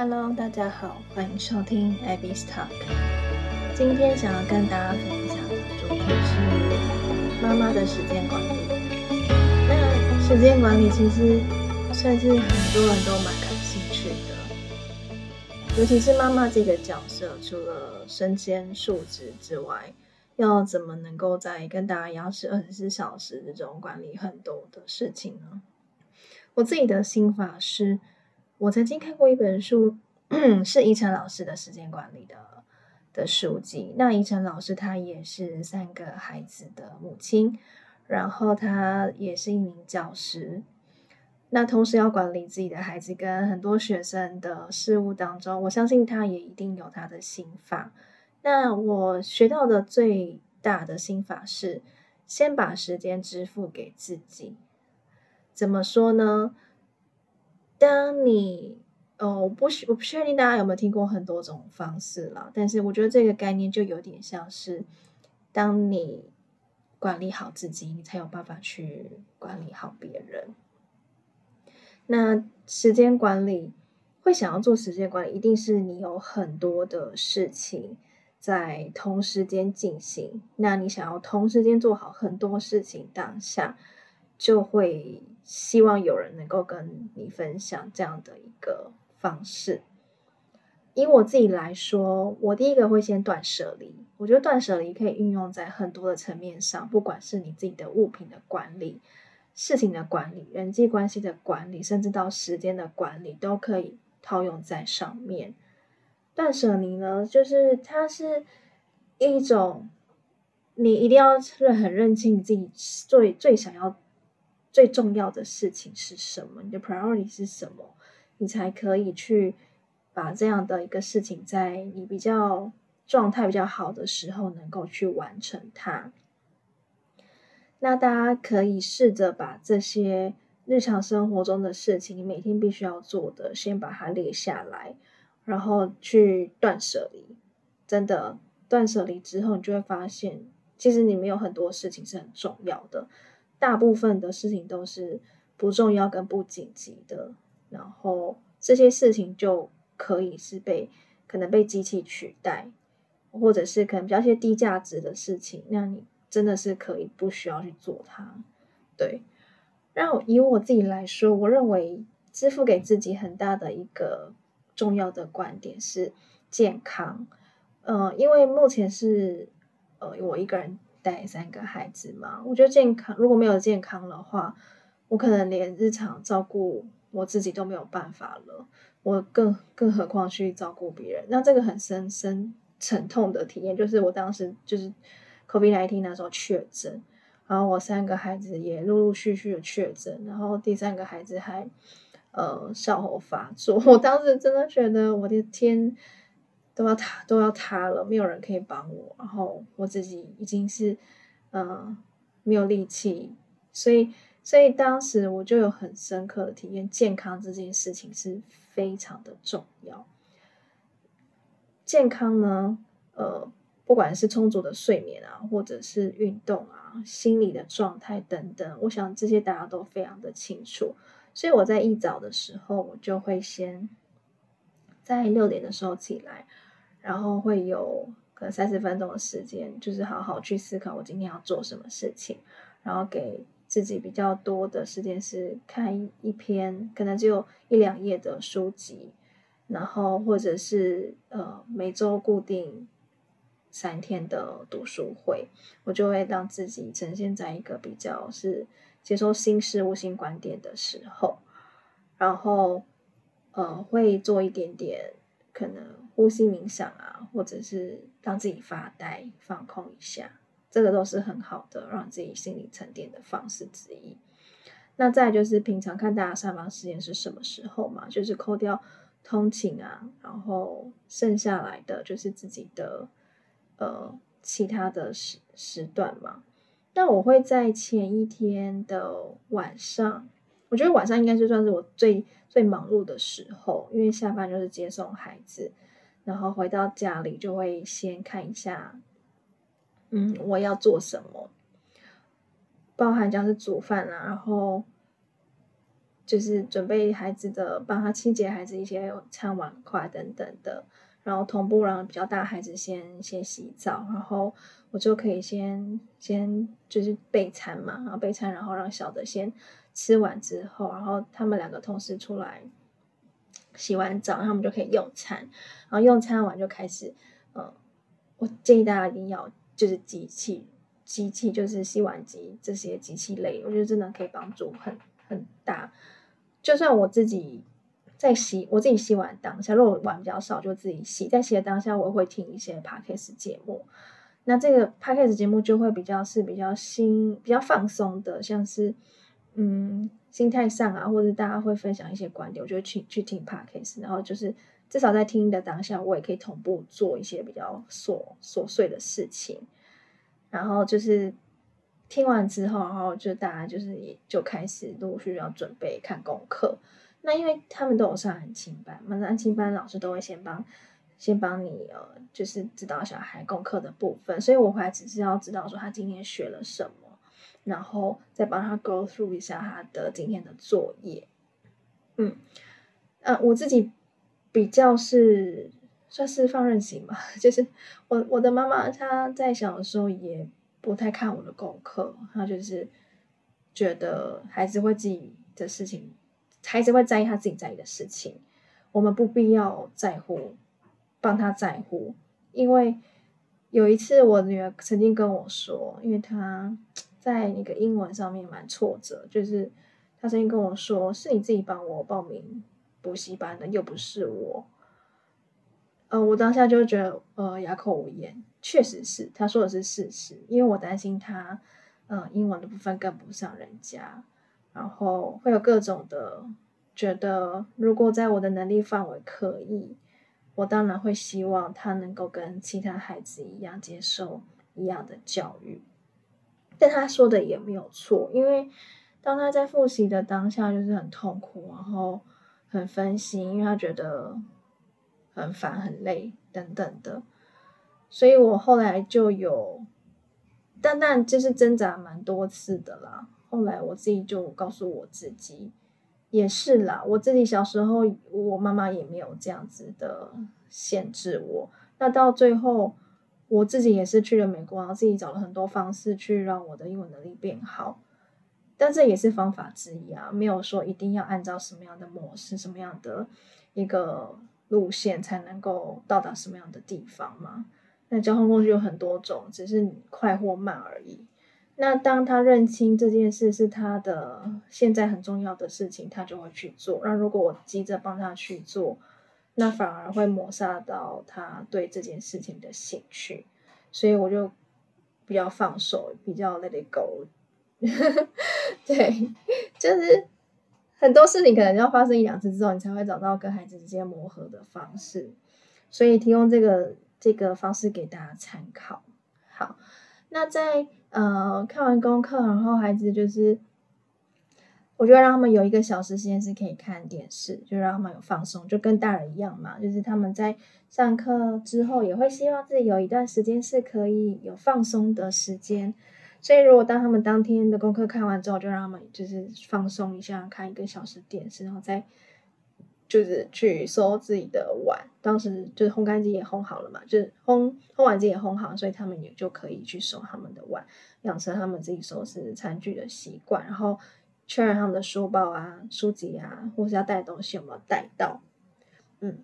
Hello，大家好，歡迎收聽 Abby's Talk。今天想要跟大家分享的主題是媽媽的時間管理。那時間管理其實算是很多人都蠻感興趣的，尤其是媽媽這個角色，除了身兼數職之外，要怎麼能夠在跟大家一樣是二十四小時這種管理很多的事情呢？我自己的心法是。我曾經看過一本書， 是宜晨老師的時間管理的的書籍。那宜晨老師他也是三個孩子的母親，然後他也是一名教師，那同時要管理自己的孩子跟很多學生的事務當中，我相信他也一定有他的心法。那我學到的最大的心法是先把時間支付給自己。怎麼說呢？當你，哦，我不我不確定大家有沒有聽過很多種方式啦，但是我覺得這個概念就有點像是，當你管理好自己，你才有辦法去管理好別人。那時間管理，會想要做時間管理，一定是你有很多的事情在同時間進行，那你想要同時間做好很多事情當下。就會希望有人能夠跟你分享這樣的一個方式。以我自己來說，我第一個會先斷捨離。我覺得斷捨離可以運用在很多的層面上，不管是你自己的物品的管理、事情的管理、人際關係的管理，甚至到時間的管理，都可以套用在上面。斷捨離呢，就是它是一種你一定要很認清你自己最最想要。最重要的事情是什麼？你的 priority 是什麼？你才可以去把這樣的一個事情，在你比較狀態比較好的時候，能夠去完成它。那大家可以試着把這些日常生活中的事情，你每天必須要做的，先把它列下來，然後去斷捨離。真的，斷捨離之後，你就會發現，其實你沒有很多事情是很重要的。大部分的事情都是不重要跟不緊急的，然後這些事情就可以是被可能被機器取代，或者是可能比較一些低價值的事情，那你真的是可以不需要去做它。對，然後以我自己來說，我認為支付給自己很大的一個重要的觀點是健康，呃，因為目前是呃我一個人。帶三個孩子嘛，我覺得健康，如果沒有健康的話，我可能連日常照顧我自己都沒有辦法了，我更更何況去照顧別人。那這個很深深沉痛的體驗，就是我當時就是 COVID-19 那時候確診，然後我三個孩子也陸陸續續的確診，然後第三個孩子還呃，哮吼發作，我當時真的覺得我的天。都要塌都要塌了，沒有人可以幫我，然後我自己已經是，嗯、呃，沒有力氣，所以所以當時我就有很深刻的體驗，健康這件事情是非常的重要。健康呢，呃，不管是充足的睡眠啊，或者是運動啊，心理的狀態等等，我想這些大家都非常的清楚。所以我在一早的時候，我就會先在六點的時候起來。然後會有可能三十分鐘的時間，就是好好去思考我今天要做什麼事情。然後給自己比較多的時間是看一篇可能就一兩頁的書籍，然後或者是呃每周固定三天的讀書會，我就會讓自己呈現在一個比較是接受新事物、新觀點的時候。然後呃會做一點點。可能呼吸冥想啊，或者是讓自己發呆、放空一下，這個都是很好的讓自己心理沉澱的方式之一。那再就是平常看大家上班時間是什麼時候嘛，就是扣掉通勤啊，然後剩下來的就是自己的呃其他的時時段嘛。那我會在前一天的晚上。我覺得晚上應該就算是我最最忙碌的時候，因為下班就是接送孩子，然後回到家裡就會先看一下，嗯，我要做什麼，包含像是煮飯啦、啊，然後就是準備孩子的，幫他清潔孩子一些餐碗筷等等的，然後同步讓比較大孩子先先洗澡，然後我就可以先先就是備餐嘛，然後備餐，然後讓小的先。吃完之後，然後他們兩個同時出來洗完澡，然後他們就可以用餐。然後用餐完就開始，嗯，我建議大家一定要就是機器，機器就是洗碗機這些機器類，我覺得真的可以幫助很很大。就算我自己在洗，我自己洗碗當下，如果碗比較少，就自己洗。在洗的當下，我會聽一些 podcast 節目。那這個 podcast 節目就會比較是比較新、比較放鬆的，像是。嗯，心態上啊，或者大家會分享一些觀點，我就會去去聽 podcast，然後就是至少在聽的當下，我也可以同步做一些比較瑣瑣碎的事情。然後就是聽完之後，然後就大家就是也就開始陸續要準備看功課。那因為他們都有上安親班嘛，那安親班老師都會先幫先幫你呃，就是指導小孩功課的部分，所以我回來只是要知道說他今天學了什麼。然後再幫他 go through 一下他的今天的作業，嗯，呃、啊，我自己比較是算是放任型吧，就是我我的媽媽她在小的時候也不太看我的功課，她就是覺得孩子會自己的事情，孩子會在意他自己在意的事情，我們不必要在乎，幫他在乎，因為有一次我女兒曾經跟我說，因為她。在那個英文上面蠻挫折，就是他曾經跟我說：“是你自己幫我報名補習班的，又不是我。”呃，我當下就覺得呃啞口無言。確實是他說的是事實，因為我擔心他，呃，英文的部分跟不上人家，然後會有各種的覺得，如果在我的能力範圍可以，我當然會希望他能夠跟其他孩子一樣接受一樣的教育。但他說的也沒有錯，因為當他在複習的當下，就是很痛苦，然後很分心，因為他覺得很煩、很累等等的，所以我後來就有，但但就是掙扎蠻多次的啦。後來我自己就告訴我自己，也是啦。我自己小時候，我媽媽也沒有這樣子的限制我。那到最後。我自己也是去了美國，然後自己找了很多方式去讓我的英文能力變好，但這也是方法之一啊，沒有說一定要按照什麼樣的模式、什麼樣的一個路線才能夠到達什麼樣的地方嘛。那交通工具有很多種，只是快或慢而已。那當他認清這件事是他的現在很重要的事情，他就會去做。那如果我急着幫他去做，那反而會抹殺到他對這件事情的興趣，所以我就比較放手，比較 let it go。 對，就是很多事情可能要發生一兩次之後，你才會找到跟孩子之間磨合的方式，所以提供這個這個方式給大家參考。好，那在呃看完功課，然後孩子就是。我就讓他們有一個小時時間是可以看電視，就讓他們有放鬆，就跟大人一樣嘛。就是他們在上課之後，也會希望自己有一段時間是可以有放鬆的時間。所以，如果當他們當天的功課看完之後，就讓他們就是放鬆一下，看一個小時電視，然後再就是去收自己的碗。當時就是烘乾機也烘好了嘛，就是烘烘碗機也烘好，所以他們也就可以去收他們的碗，養成他們自己收拾餐具的習慣，然後。確認他們的書包啊、書籍啊，或是要帶東西有沒有帶到？嗯，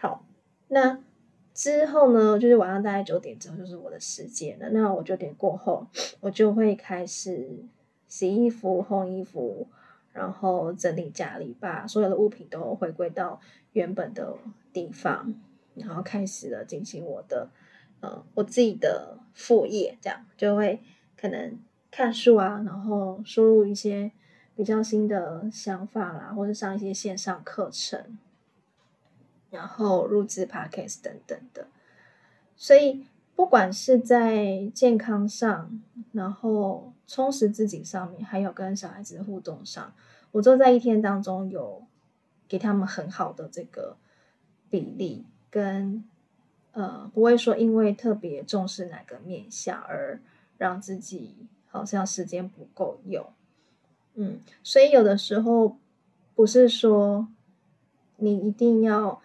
好，那之後呢，就是晚上大概九點之後就是我的時間了。那我九點過後，我就會開始洗衣服、烘衣服，然後整理家裡，把所有的物品都回歸到原本的地方，然後開始了進行我的嗯、呃、我自己的副業，這樣就會可能。看書啊，然後輸入一些比較新的想法啦，或者上一些線上課程，然後錄製 podcast 等等的。所以不管是在健康上，然後充實自己上面，還有跟小孩子的互動上，我都在一天當中有給他們很好的這個比例，跟呃，不會說因為特別重視哪個面向而讓自己。好像時間不夠用，嗯，所以有的時候不是說你一定要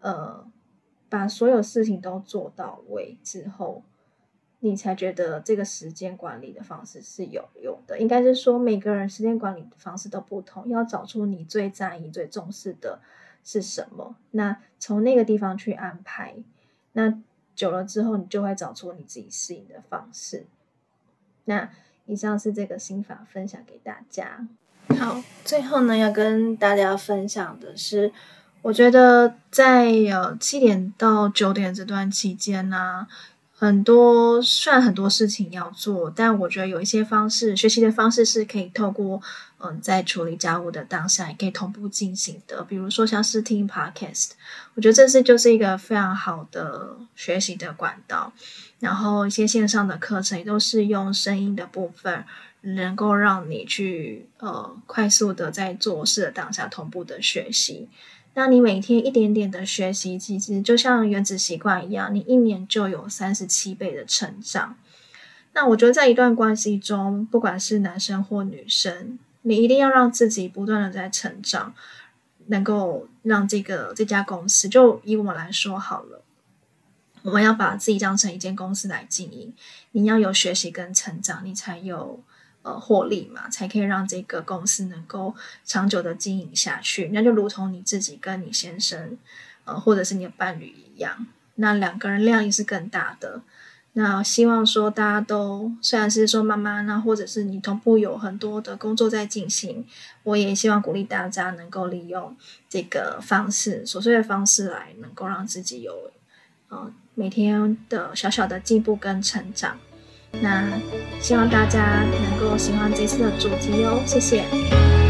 呃把所有事情都做到位之後，你才覺得這個時間管理的方式是有用的。應該是說每個人時間管理的方式都不同，要找出你最在意、最重視的是什麼，那從那個地方去安排。那久了之後，你就會找出你自己適應的方式。那以上是這個心法分享給大家。好，最後呢，要跟大家分享的是，我覺得在有、呃、七點到九點這段期間呢、啊。很多算很多事情要做，但我覺得有一些方式，學習的方式是可以透過，嗯、呃，在處理家務的當下也可以同步進行的。比如說像是聽 podcast，我覺得這是就是一個非常好的學習的管道。然後一些線上的課程也都是用聲音的部分，能夠讓你去呃快速的在做事的當下同步的學習。那你每天一點點的學習，其實就像原子習慣一樣，你一年就有三十七倍的成長。那我覺得，在一段關係中，不管是男生或女生，你一定要讓自己不斷的在成長，能夠讓這個這家公司，就以我們來說好了，我們要把自己當成一間公司來經營。你要有學習跟成長，你才有。呃，獲利嘛，才可以讓這個公司能夠長久的經營下去。那就如同你自己跟你先生，呃，或者是你的伴侶一樣，那兩個人量也是更大的。那希望說大家都，雖然是說媽媽呢，那或者是你同步有很多的工作在進行，我也希望鼓勵大家能夠利用這個方式，瑣碎的方式來能夠讓自己有，呃，每天的小小的進步跟成長。那希望大家能夠喜歡這次的主題哦，謝謝。